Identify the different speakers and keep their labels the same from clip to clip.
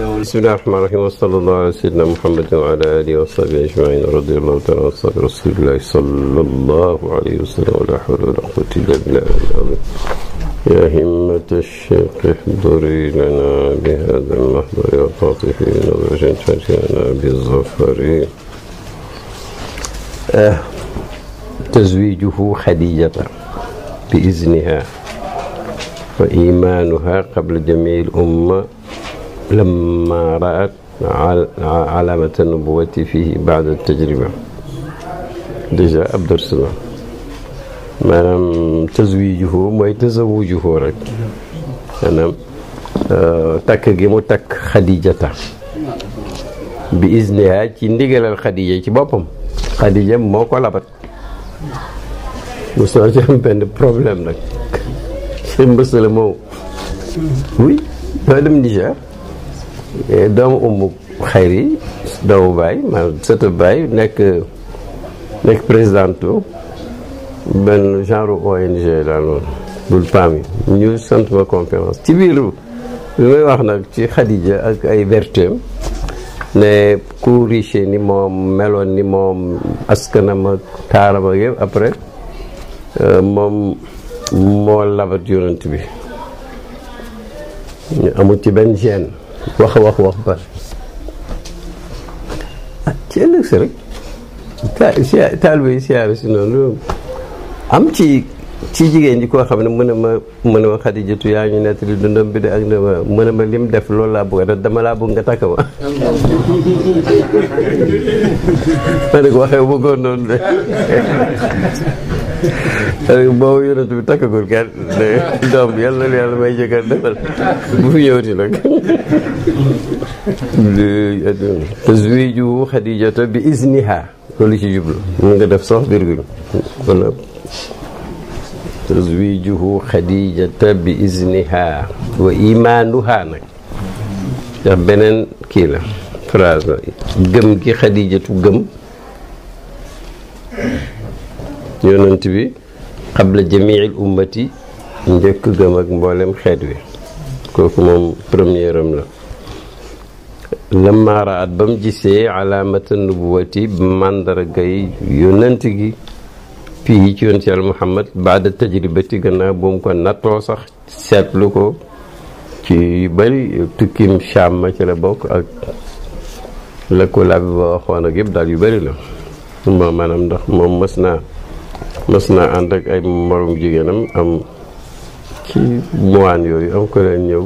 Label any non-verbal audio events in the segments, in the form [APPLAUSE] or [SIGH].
Speaker 1: بسم الله الرحمن الرحيم وصلى الله على سيدنا محمد وعلى اله وصحبه اجمعين رضي الله تعالى عن رسول الله صلى الله عليه وسلم ولا حول ولا قوه الا بالله العظيم يا همة الشيخ احضري لنا بهذا المحضر يا نظرة وجنتنا بالظفر أه تزويجه خديجة بإذنها وإيمانها قبل جميع الأمة لما رأت علامة النبوة فيه بعد التجربة ديجا أبدر سنة ما لم تزويجه ما يتزوجه رك أنا آه، تك جمو تك خديجة بإذنها تندق للخديجة بابهم خديجة ما قلبت مسلم جام بين بروبلم لك سيم [LAUGHS] بسلمو وي هذا من ديجا Eh, doomu umbu xayri doomu baay maanaam sëtu baay nekk nekk présidentu benn genre ONG daal noonu bul PAM yi ñu sant ma conférence ci biiru bi may wax nag ci xadija ak ay vertem ne ku riche ni moom meloon ni moom askanam ak taaram ak yëpp après euh, moom moo labat yonent bi amul ci benn gene wax a wax wax ba ah, ci ëllëg si rek ta taalibe siyaare si noonu am ci ci jigéen ji koo xam ne mën a ma mën a ma xadijatu yaa ñu nettali dundam bi de ak na ma mën a ma lim def loolu laa bëgg a nga takk ma [LAUGHS] ma ne waxee bëggoon noonu de boobu yonent bi takkagul kenn xadijata bi izniha def sax virgule wala wa imaanuha nag ndax beneen kii la phrase la gëm gi xadijatu gëm yonent bi xabla jamiil ummati njëkk gëm ak mboolem xeet wi kooku moom première am la lamma raat ba mu gisee alaamata nubuwati màndargay yonent gi fii ci yoon si yàlla muhammad baada tajribati gannaaw bu mu ko nattoo sax seetlu ko ci yu bëri tukkim Sham ma ci la bokk ak la ko laabi ba waxoon ak yëpp daal yu bëri la moom maanaam ndax moom mës naa mas naa ànd ak ay morom jigéenam am ci muwaan yooyu am ko leen ñëw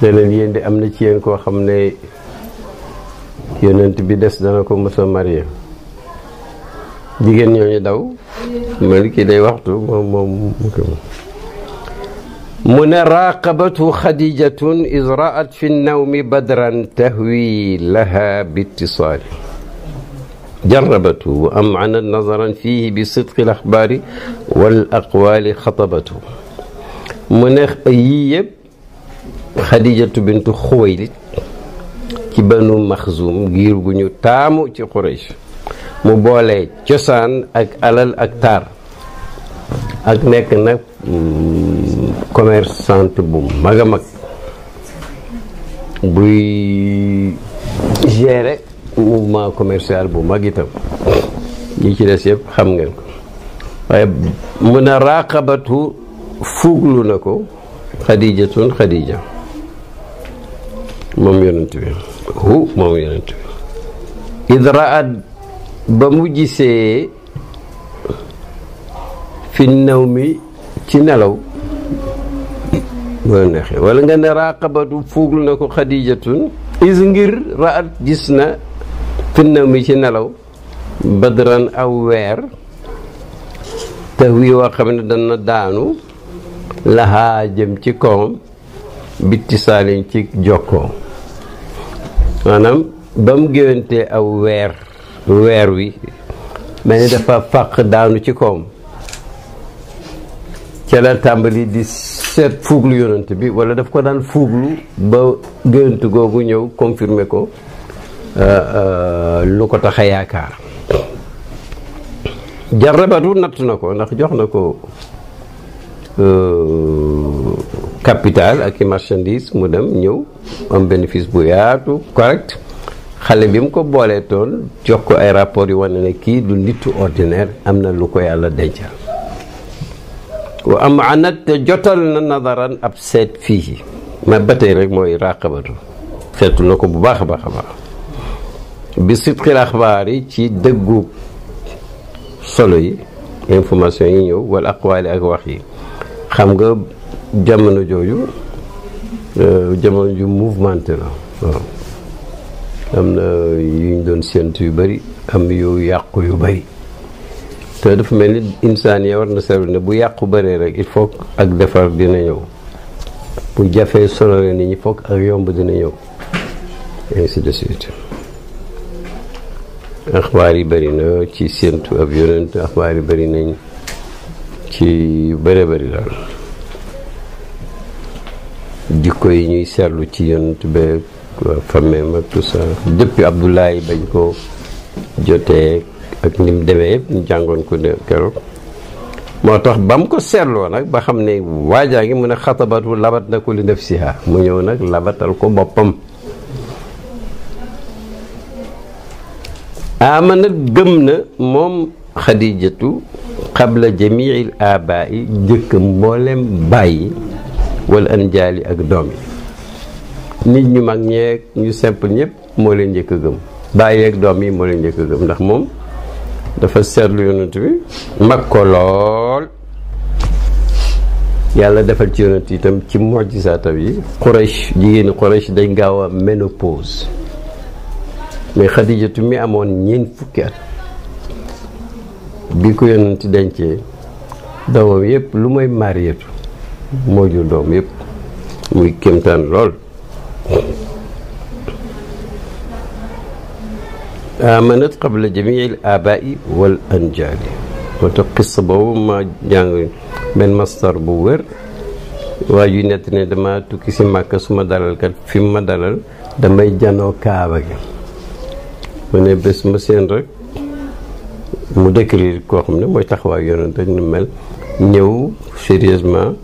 Speaker 1: ne leen yéen di am na ci yéen koo xam ne yonent bi des dana ko mës a marié jigéen ñooñu daw man kii day waxtu moom moom mu ne raaqabatu xadijatun is raat fi nawmi badran tahwi laha bittisaali جربته وأمعن نظرا فيه بصدق الأخبار والأقوال خطبته منخ أييب خديجة بنت خويلد كي بنو مخزوم غير بنيو تامو تي قريش مبالي جسان أك ألال أكتار أك نكنا كوميرسانت بوم مغمك بي جيرك mouvement commercial bu mag itam ñi ci des yëpp xam ngeen ko waaye mun a raqabatu fuuglu na ko xadijatun xadija moom yonent hu moom yonent bi idraat ba mu gisee fi naw mi ci nelaw boo neexee wala nga fuuglu na ko xadijatun is ngir raat gis na finnaw mi ci nelaw badran aw weer te wii woo xam ne dana daanu laxaa jëm ci kawam bitti saalin ci jokkoo maanaam ba mu géwantee aw weer weer wi mel ni dafa fàq daanu ci kawam ca la tàmbali di seet fuuglu yonent bi wala daf ko daan fuuglu ba géwant googu ñëw confirmer ko Euh, euh, lu ko tax a yaakaar jarrabatu natt na ko ndax jox na ko euh, capital ak i marchandise mu dem ñëw am bénéfice bu yaatu correct xale bi mu ko boolee toon jox ko ay rapport yu wane ne kii du nittu ordinaire am na lu ko yàlla dencal wa am anat te jotal na nadaran ab seet fii ma ba tey rek mooy raqabatu seetu na ko bu baax a baax a baax bi sidqil axbaar yi ci dëggu solo yi information yi ñëw wala aqwaali ak wax yi xam nga jamono jooju euh, jamono ju mouvementé la waaw am na yu ñu doon séentu yu bari am yu yàqu yu bari te dafa mel ni insaan ya war na seetlu bu yàqu bëree rek il faut ak defar dina ñëw bu jafee solo ni ñi foog ak yomb dina ñëw axbaar yi bari na ci séentu ab yonent axbaar yi bëri nañ ci yu bëree bari daal jikko yi ñuy seetlu ci yonent beeg famem ak tout ça depuis Abdoulaye bañ ko jotee ak ni mu demee yëpp ñu jàngoon ko keroog moo tax ba ko seetloo nag ba xam ne waajaa ngi mu ne xatabatu labat na ko li nafsiha mu ñëw nag labatal ko boppam amana gëm na moom xadijatu qabla jamiil abaa'i njëkk mboolem bàyyi wala anjaali ak doom yi nit ñu mag ñeeg ñu simple ñëpp moo leen njëkk a gëm bàyyi ak doom yi moo leen njëkk a gëm ndax moom dafa seetlu yonent bi mag ko lool yàlla defal ci yonent itam ci mujjisaatam yi Quraysh jigéeni Quraysh dañ gaaw a ménopause mais xadijatu mi amone ñeen fukki at bi ko yonent dencé dawam yépp lu moy mariétu mo jur dom yépp muy kemtan lol amanat qabla jamiil abai wal anjali. ko to qissa ma jang, men master bu wér waa ju ma ne dama tukki ci makka suma dalal kat fi ma dalal damay janoo kaaba gi mu ne bés ma seen rek mu décrire koo xam ne mooy taxawaayu yonent ak mel ñëw sérieusement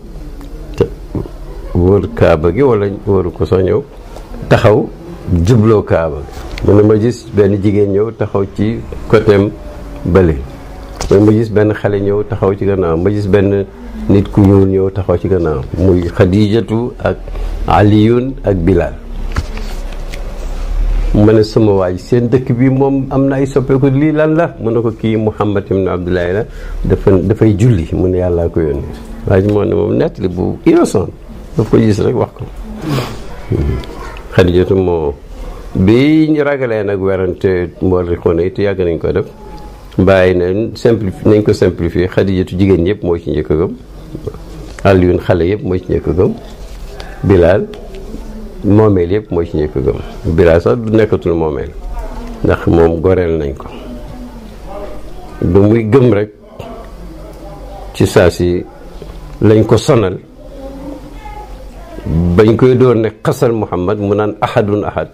Speaker 1: wër kaaba gi wala wëru ko soo ñëw taxaw jubloo kaaba mu ne ma gis benn jigéen ñëw taxaw ci côtéem bële mu ne ma gis benn xale ñëw taxaw ci gannaaw ma gis benn nit ku ñuul ñëw taxaw ci gannaaw muy xadijatu ak aliyun ak bilal ma ne sama waay seen dëkk bi moom am na ay soppeeku lii lan la mu ne ko kii Mouhamad ibn Abdoulaye la dafa dafay julli mu ne yàllaa ko yónni waa moo ne moom nettali bu innocent daf ko gis rek wax ko Xadijatu moo bi ñu ragalee nag werante mbool rikoona yi te yàgg nañ ko def bàyyi nañ simplifié nañ ko simplifié Xadijatu jigéen ñëpp mooy ci njëkk a gëm Aliyun xale yëpp mooy ci njëkk gëm Bilal moomeel yëpp mooy ci ñi ko gëm bira sax du nekkatul moomeel ndax moom goreel nañ ko ba muy gëm rek ci saa si lañ ko sonal bañ koy door ne xasal muhammad mu naan ahadun ahad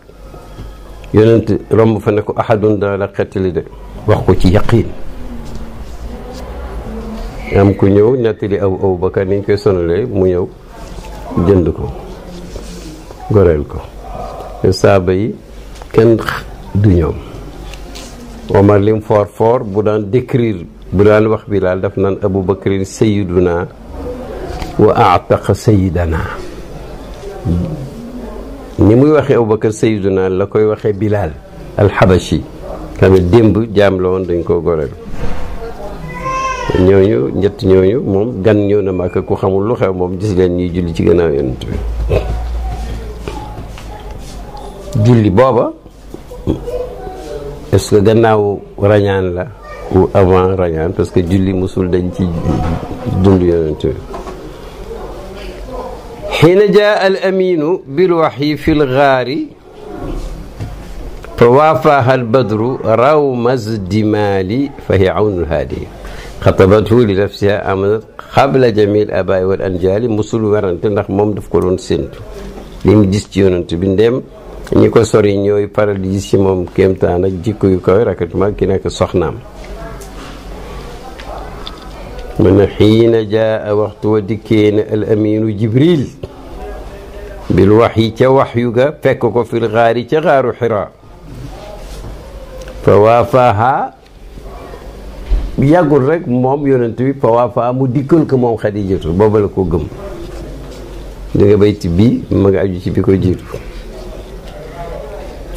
Speaker 1: yonent romb fa ne ko ahadun dana la de wax ko ci yaqiin am ku ñëw nettali aw aw bakar niñ koy sonalee mu ñëw jënd ko goreel ko saaba yi kenn du ñoom Omar lim foor foor bu daan décrire bu daan wax Bilaal daf naan Abu Bakrin sayiduna wa ataqa sayidana ni muy waxee Abu Bakar sayiduna la koy waxee Bilaal alxabashi xam ne démb jaam la woon dañ koo goreel ñooñu ñett ñooñu moom gan ñëw na Makka ku xamul lu xew moom gis leen ñuy julli ci gannaaw yonent bi julli booba est-ce que gannaaw rañaan la ou avant rañaan parce que julli musul dañ ci dund yonent bi حين جاء الأمين بالوحي في الغار فوافاها البدر روم الدمال فهي عون الهادي خطبته لنفسها آمنت قبل جميع الآباء والأنجال مسل ورنت ndax moom daf ko doon séntu li mu gis ci yonent bi ndem ñi ko sori ñooy faral di gis ci moom kéemtaan ak jikko yu kawe rafetement ki nakk soxnaam mu ne xiina jaa waxtu wa dikkee ne al aminu bil wax yi ca wax yu ga fekk ko fil xaari ca xaaru xira fa waafaha yàggul rek moom yonent bi fa waafaha mu dikkal ko moom xadijatu booba la ko gëm di nga bayti bii ma nga aju ci bi ko jiitu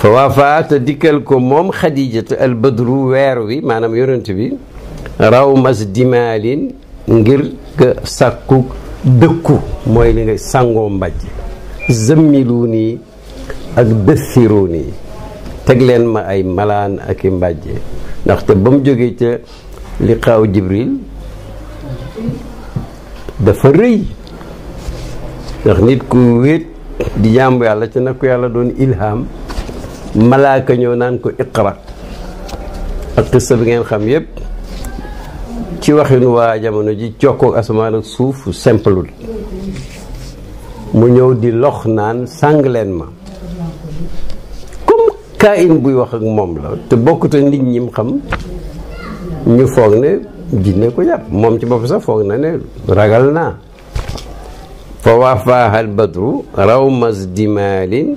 Speaker 1: fa waafaata dikkal ko moom xadijatu al badru weer wi maanaam yonent bi raw mas dimaalin ngir sàkku dëkku mooy li nga sangoo mbàjj zëmmilu nii ak dëssiru nii teg leen ma ay malaan ak i mbàjje ndaxte ba mu jógee ca li xaaw jibril dafa rëy ndax nit ku wéet di jaamu yàlla ca nakku yàlla doon ilham malaka ñew naan ko iqra ak xista bi ngeen xam yeb ci waxin wa jamono ji jokkoo asamaan ak suuf mu ñew di lox naan ma kum kain buy wax ak mom la te bokkut ak nit ñim xam ñu foog ne jinne ko yapp mom ci bopp sax na ragal na fa hal albadru raw masdimalin.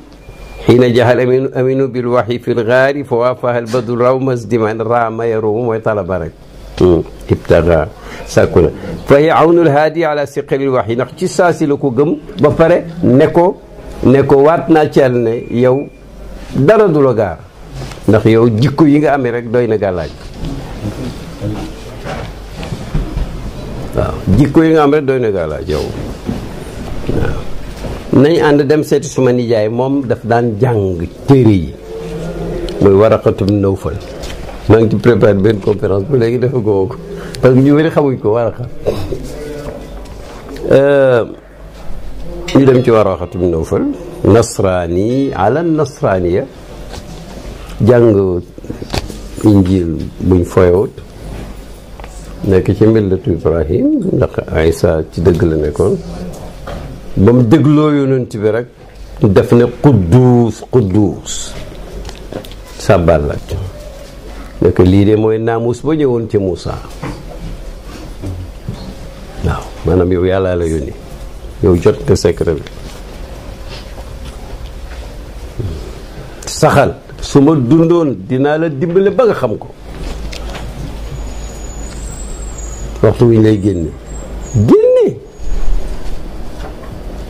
Speaker 1: xiina jaxal aminu aminu bil waxi fil gaari fa waafahal badru raw masdiman raa maya ruumu mooy talaba rek hmm. ibtaga sàkku na fa hiya awnul haadi ala siqalil waxi ndax ci saasi la ko gëm ba pare ne ko ne ko waat naa ci Yàlla ne yow dara du la gaar ndax yow jikko yi nga amee rek doy na gàllaaj waaw jikko yi nga am rek doy na gàllaaj yow nañ ànd dem seeti suma nijaay moom dafa daan jàng téere yi muy waraqatu nawfal maa ngi ci préparé benn conférence bu léegi dafa goo ko parce que ñu wari xamuñ ko waraqa euh, ñu dem ci waraqatu nawfal nasraani ala nasraaniya jàng injil buñ foyowut nekk ci millatu ibrahim ndax Isa ci dëgg la nekkoon ba mu dégloo yonent bi rek def ne quddus quddus sàbbal la nekk lii de mooy naamus ba ñëwoon ci muusaa waaw maanaam yow yàllaa la yónni yow jot nga secret bi saxal su ma dundoon dinaa la dimbale ba nga xam ko waxtu wi ñu lay génne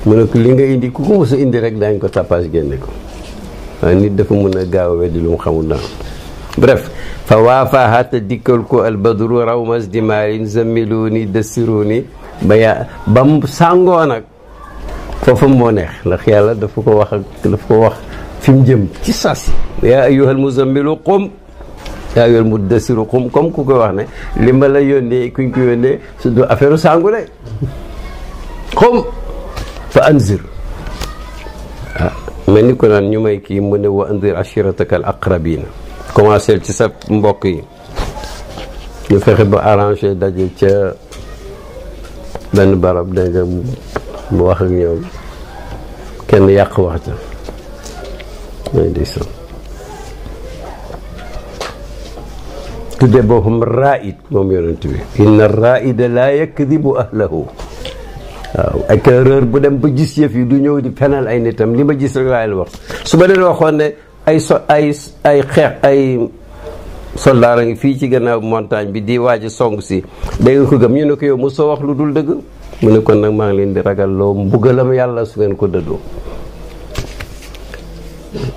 Speaker 1: mu ne ko li nga indi ku ko mos a indi rek daañ ko tapage génne ko waaye nit dafa mën a gaaw a weddi lu mu xamul naa bref fa waafaaxaata dikkal ko albadru rawmas dimaarin zammiluuni dassiruuni ba yaa ba sàngoo nag foofa moo neex ndax yàlla dafa ko wax ak dafa ko wax fi mu jëm ci sas yaa ayyuhal muzammilu qum yaa ayyuhal mudassiru qum comme ku koy wax ne li ma la yónnee kuñ ko yónnee su du affaire sàngu de qum fa anzir ah mel ni ko naan ñu may kii mu ne wa anzir ashirataka al aqrabina commencé ci sa mbokk yi ñu fexe ba arrangé daje ca benn barab da nga mu wax ak ñoom kenn yàq wax ca mooy ndeysaan tudde boppam raid moom yonent bi inna raida laa yakdibu ahlahu waaw ak erreur bu dem ba gis yëf yi du ñëw di fenal ay nitam li ma gis rek laay la wax su ma leen waxoon ne ay so ay ay xeex ay soldaar a ngi fii ci gannaaw montagne bi di waaj song si dégg nga ko gëm ñu ne ko yow mu soo wax lu dul dëgg mu ne kon nag maa ngi leen di ragal loo mbugalam yàlla su ngeen ko dëddoo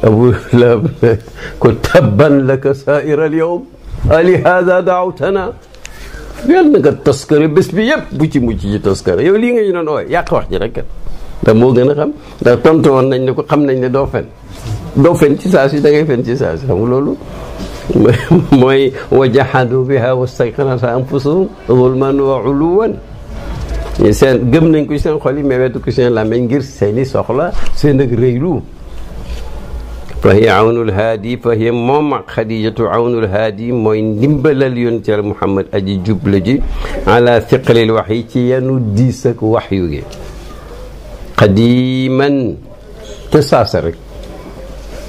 Speaker 1: abu la ko tabban laka saa'iral yawm ali haada daawtana yàlla na nga taskare bés bi yëpp bu ci mujj ci taskare yow lii nga ñu doon ooy yàq wax ji rek ndax moo gën a xam ndax tontu woon nañ ne ko xam nañ ne doo fen doo fen ci saa si da ngay fen ci saa si xam nga loolu [LAUGHS] mooy wa jahadu biha wastayqanatha anfusuhum zulman wa uluwan seen gëm nañ ko seen xol yi mais wetu ko seen làmmeñ ngir seen i soxla seen ak rëylu fa hiya awnul haadi fa hiya moom ak xadijatu awnul haadi mooy ndimbalal yonent Yàlla Muhammad aji jubla ji ala siqalil wax yi ci yenu diis ak wax yu gi qadiman te saasa rek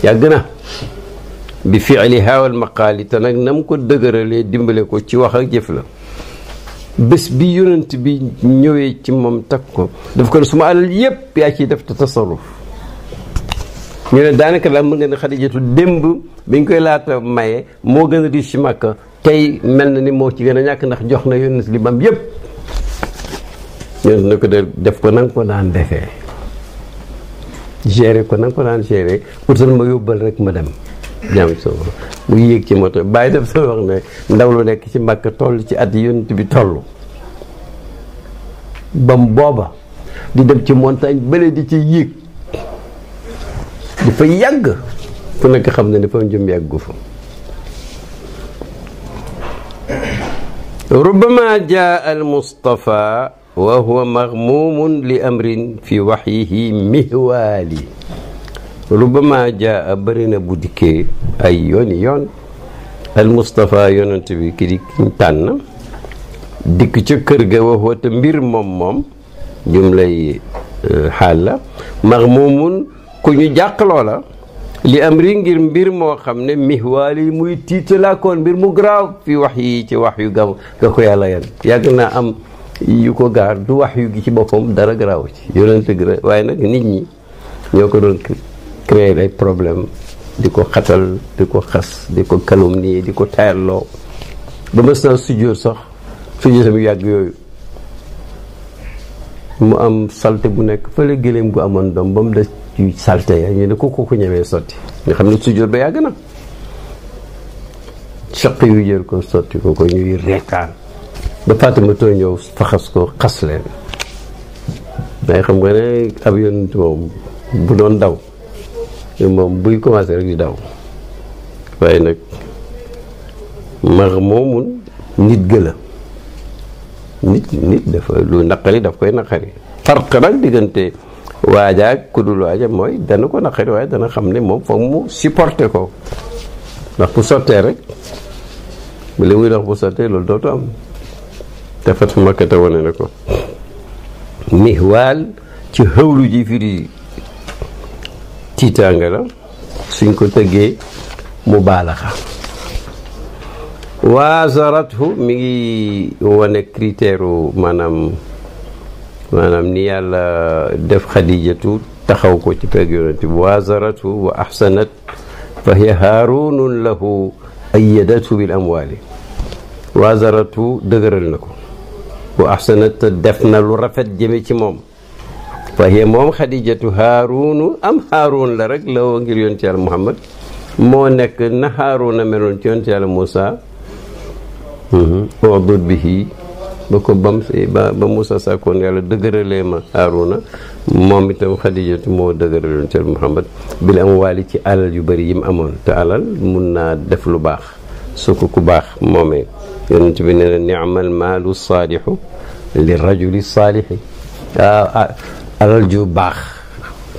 Speaker 1: yàgg na bi fiili haawal maqaali te nag na mu ko dëgëralee dimbale ko ci wax ak jëf la bés bi yonent bi ñëwee ci moom takk ko daf ko ne suma alal yépp yaa ciy def te tasarruf ñu ne daanaka daal mën nga ne xadijatu démb bi ñu koy laata maye moo gën a riche ci màkka tey mel na ni moo ci gën a ñàkk ndax jox na yónnes li bam yépp yónnes na ko def ko nanga ko daan defee géré ko nanga ko daan géré utal ma yóbbal rek ma dem jàmm so mu yéeg ci moto bàyyi def sa wax ne ndaw lu nekk ci màkka toll ci at yónent bi toll bam booba di dem ci montagne bële di ci yéeg dafa yàgg ku nekk xam ne ne fa mu jëm yàggu fa ربما جاء المصطفى وهو مغموم لأمر في وحيه مهوالي ربما جاء برنا بوديكي أي يون يون المصطفى يون تبي كدي تانا ديك تشكر وهو تمبير موم موم جملة حالة مغموم ku ñu jàqloo loola li am ri ngir mbir moo xam ne mihwaali muy tiitalaakoon mbir mu garaaw fi wax yi ci wax yu gam ga ko yàlla yan yàgg naa am yu ko gaar du wax yu gi ci boppam dara garaaw ci yonente gi waaye nag nit ñi ñoo ko doon créer ay problème di ko xatal di ko xas di ko calomnier di ko tayalloo ba mës sax sujjóotam yu yàgg yooyu mu am salte bu nekk fële gëléem gu amoon dom ba mu des yu salte ya ñu ne ku ku ñemee sotti nga xam ne sujjóot ba yàgg na soq yu jël ko sotti ko ko ñuy reetaan ba Faatumata ñëw faxas ko xas leen mais xam nga ne ab yoon moom bu doon daw moom buy commencé rek di daw waaye nag mar moomun nit gëla nit nit dafa lu naqari daf koy naqari farq nag diggante waajaak ku dul waaja mooy dana ko naqari waaye dana xam ne moom foog mu supporter ko ndax bu sottee rek li muy dox bu sottee loolu dootu am te fat makkata wane na ko mihwaal ci xëwlu ji firi tiitaanga la suñ ko tëggee mu baalaxa waasarathu mi ngi wane critère maanaam maanaam ni yàlla def xadijatu taxaw ko ci pegg yonent bi wa zaratu wa ahsanat fa hiya haarunun lahu ayyadatu bil amwaali wa zaratu dëgëral na ko wa ahsanat def na lu rafet jëme ci moom fa hiya moom xadijatu haarunu am haarun la rek la woo ngir yonent yàlla muhammad moo nekk na haaruna meloon ci yonent yàlla moussa odut mhm. bihi ba ko bam si ba ba Moussa Sakkoon yàlla dëgëralee ma Haaruna moom itam Xadijatu moo dëgëraloon ci Muhammad bil am ci alal yu bëri yi mu amoon te alal mun naa def lu baax su ku baax moom yonent bi nee na ni'mal maalu saalihu li rajuli saalihi ah, ah, alal ju baax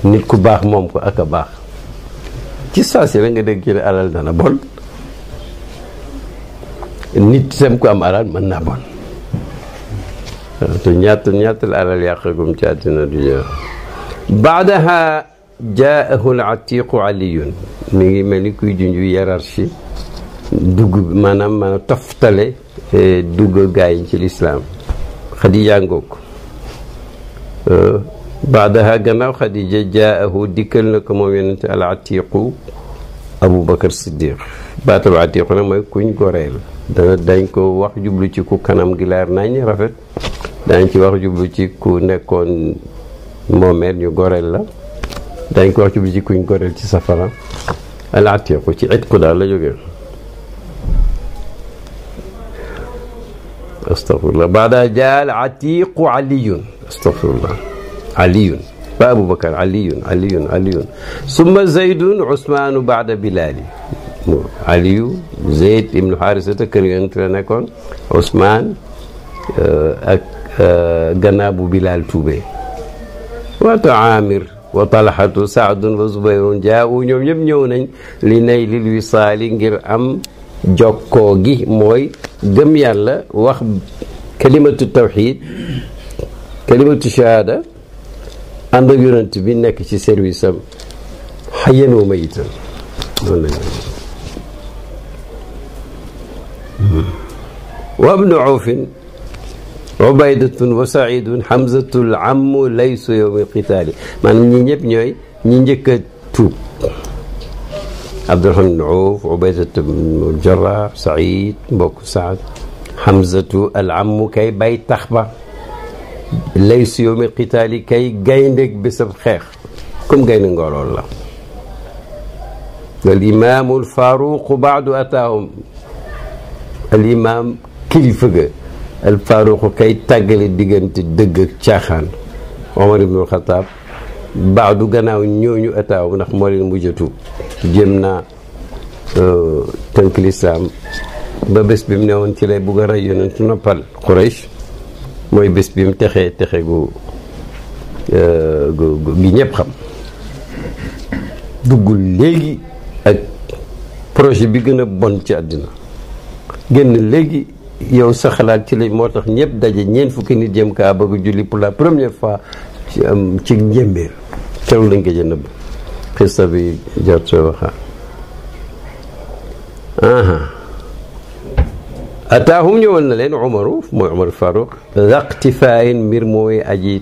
Speaker 1: nit ku baax moom ko ak a baax ci saa si la nga dégg ci alal dana bon nit itam ku am alal mën naa bon te ñaata ñaata la alal yàqagum ci àddina dunya baadaha jaahu al atiqu aliyun mi ngi mel ni kuy junju hiérarchie dugg maanaam maanaam toftale eh, dugg gaa yi ci lislaam xadija ngoog eh, baadaha gannaaw xadija jaahu dikkal na ko moom yonente al atiqu aboubacar siddiq baatab atiqu nag mooy kuñ goreel dana dañ ko wax jublu ci ku kanam gi leer nañ rafet dañ ci wax jubbu ci ku nekkoon moomeel ñu goreel la dañ ko wax jubbu ci kuñ goreel ci safara al atiqu ci itqu daal la jógee astaghfirullah baada jaa al atiqu aliyun astafirullah aliyun ba abu bakar aliyun aliyun aliyun summa zaydun usman baada bilaali aliyu zayd ibnu xaarisata kër yonent la nekkoon usman ak Euh, gannaaw bu Bilaal tuubee waata Aamir wa Talxatu Saadun wa Zubayrun jaawu ñoom ñëpp ñëw nañ li nay lil wisaali ngir am jokkoo gi mooy gëm yàlla wax kalimatu tawxid kalimatu shahaada ànd ak yonent bi nekk ci service am xayyan wa mayitan hmm. wa ibnu Awfin عبيدة وسعيد حمزة العم ليس يوم القتال ما نجيب نجي نجيك تو عبد الرحمن عوف عبيدة الجراح سعيد بوكو سعد حمزة العم كي بيت تخبى ليس يوم القتال كي جينك بسبب خير كم جين نقول الله الإمام الفاروق بعد أتاهم الإمام كيف al faaruqu kay tàggale diggante dëgg ak caaxaan Omar ibnu baax du gannaaw ñooñu ataaw ndax moo leen mujjatu jéem naa euh, tënk lislaam ba bés bi mu ne woon ci lay bugg a rey yonentu noppal Quraysh mooy bés bi mu texee texe gu euh, gi ñëpp xam duggul léegi ak projet bi gën a bon ci àddina génn léegi yow sa xalaat ci li moo tax ñëpp daje ñeent fukki nit jëm kaa bëgg julli pour la première fois ci am ci njëmbeel teewul lañ ko jënd bi xista bi jar soo waxaa aha ataahum ñëwal na leen umaru mooy umar faruq daqtifaayin mbir mooy aji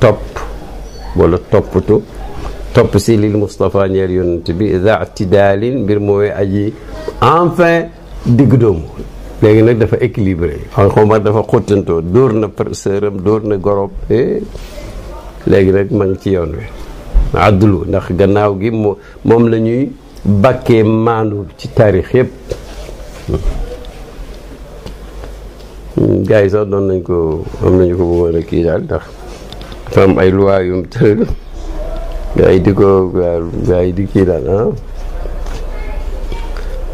Speaker 1: topp wala toppatu topp si lil Moustapha ñeel yonent bi daqtidaalin mbir mooy aji enfin digg doomu léegi nag dafa équilibré xawma dafa xottantoo dóor na sëram dóor na gorob eh. léegi nag ma ci yoon wi àddulu ndax gannaaw gi moo moom la ñuy maandu ci taarix yëpp hmm, gars yi sax doon nañ ko am nañu ko bëggoon a kii daal ndax dafa ay loi yum tëral di ko gars yi di kii daal ah.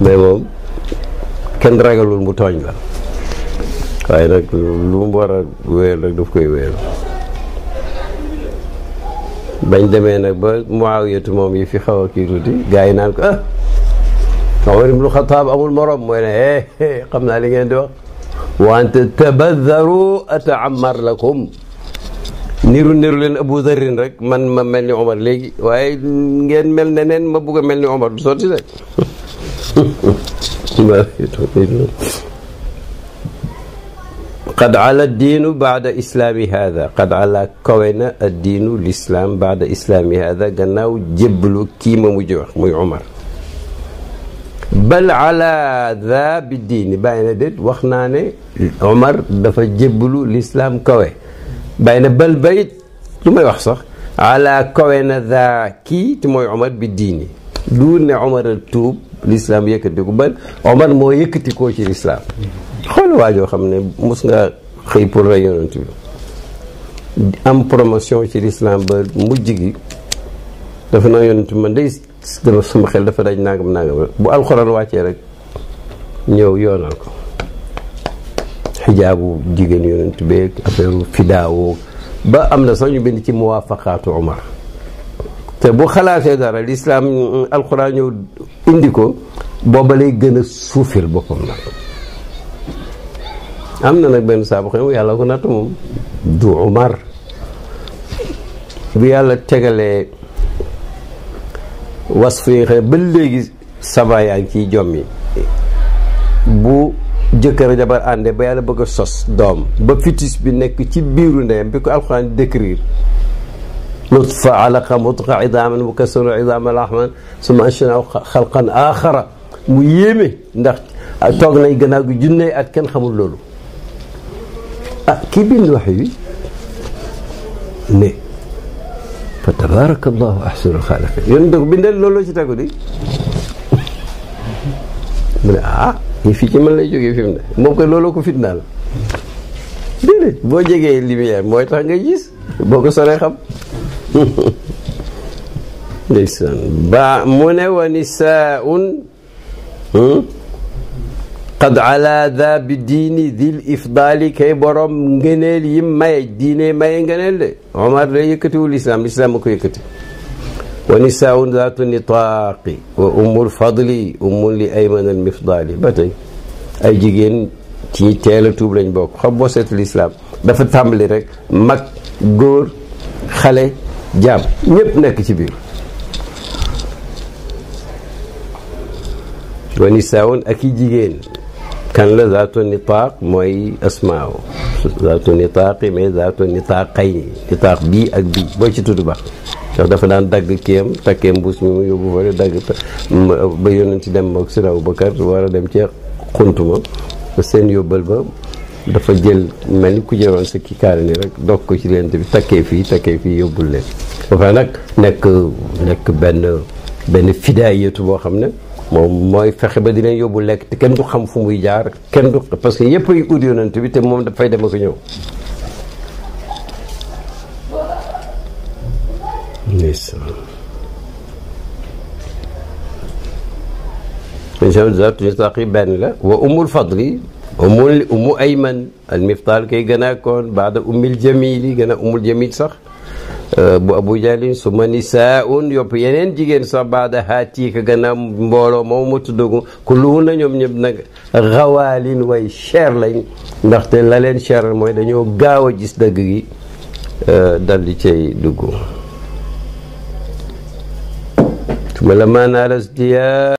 Speaker 1: mais moom kenn ragalul mu tooñ la waaye nag lu mu war a wéyal rek daf koy wéyal bañ demee nag ba Muawiyatu moom yi fi xaw a kii naan ko ah Umar ibnu Xataab amul morom mooy ne eh, eh xam naa li ngeen di wax wante tabadaru ataamar lakum niru niru leen Abu Zarin rek man ma mel ni Omar léegi waaye ngeen mel ne neen ma bugg a mel ni Omar du sotti de [LAUGHS] maa qad ala diinu baada islaami haada qad ala kawe na addiinu gannaaw jébbalu kii ma mujj wax muy Umar bal ala daa bi diini bàyyi na déet wax naa ne Umar dafa jébbalu lislaam kawe bàyyi na bal bayit lu may wax sax ala kawe na daa kii te mooy Umar bi diini du ne Umar a tuub lislaam yëkkati ba Omar moo yëkkatikoo koo ci lislaam xool waajoo xam ne mos nga xëy pour rey yonent bi am promotion ci lislaam ba mu gi dafa naa yonent ma day dafa sama xel dafa daj nangam nangam bu alxuraan wàccee rek ñëw yoonal ko xijaabu jigéen yonent beeg affaire fidaawo ba am na sax ñu bind ci muwaafaqaatu Omar te bu xalaatee dara lislaam alxuraan ñëw indi ko booba lay gën a suufil boppam nag am na nag benn saabu xew yàlla ko natt moom du Umar bu yàlla tegalee wasf yi xam ba léegi saba yaa ngi bu jëkkër jabar ànde ba yàlla bëgg a sos doom ba fitis bi nekk ci biiru ndeyam bi ko alxuraan décrire نطفة علقة مضغة عظاما مكسر عظاما لحما ثم mu yéeme ndax toog nañ gannaaw gi junne at kenn xamul loolu ah kii bind wax yi ne fa tabaraka allahu ahsanul xaaliqin [LAUGHS] mu ne ah yi fii ci mën lay jógee fi mu ne moom koy looloo ko fitnaal déedéet boo jegee lumière mooy tax nga gis boo ko soree xam ndeysaan ba mu ne wa nisaaun hmm? qad ala da bi diini dil ifdaali kay borom ngëneel yi may diine may ngëneel de Omar de yëkkatiwul islam islam a ko yëkkati wa nisaaun zaatu nitaaqi wa umul fadli umul li ayman al mifdaali ba tey ay jigéen ci teel a tuub lañ bok xam boo seetu lislaam dafa tàmbali rek mag góor xale jaam ñëpp nekk ci biir wa nisaawoon ak i jigéen kan la zaatu nitaaq mooy asmaaw zaatu nitaaqi mais zaatu nitaaqayni nitaaq bii ak bii boo ci tudd baax ndax dafa daan dagg kéem takkee mbuus mi mu yóbbu fële dagg ba yónent ci dem ak sina Abubakar war a dem ci xuntuma seen yóbbal ba dafa jël mel ni ku jëloon sa kii kaare ni rek doog ko ci lent bi takkee fii takkee fii yóbbul leen ba pare nag nekk nekk benn benn fidaay boo xam ne moom mooy fexe ba di leen yóbbu lekk te kenn du xam fu muy jaar kenn du parce que yëpp ay ut bi te moom dafay dem ak ñëw incha benn la wa umul fadli umul umu ayman almiftal kay gën a koon baada umil jamili gën a umul jamil sax euh, bu abu jalin su ma nisaun yopp yeneen jigéen sax baada haati ka gën a mbooloo moom ma tuddagu ku luhu ñoom ñëpp nag xawaalin way cher lañ ndaxte la leen cheral mooy dañoo gaaw a gis dëgg gi euh, dal di cay dugg su ma la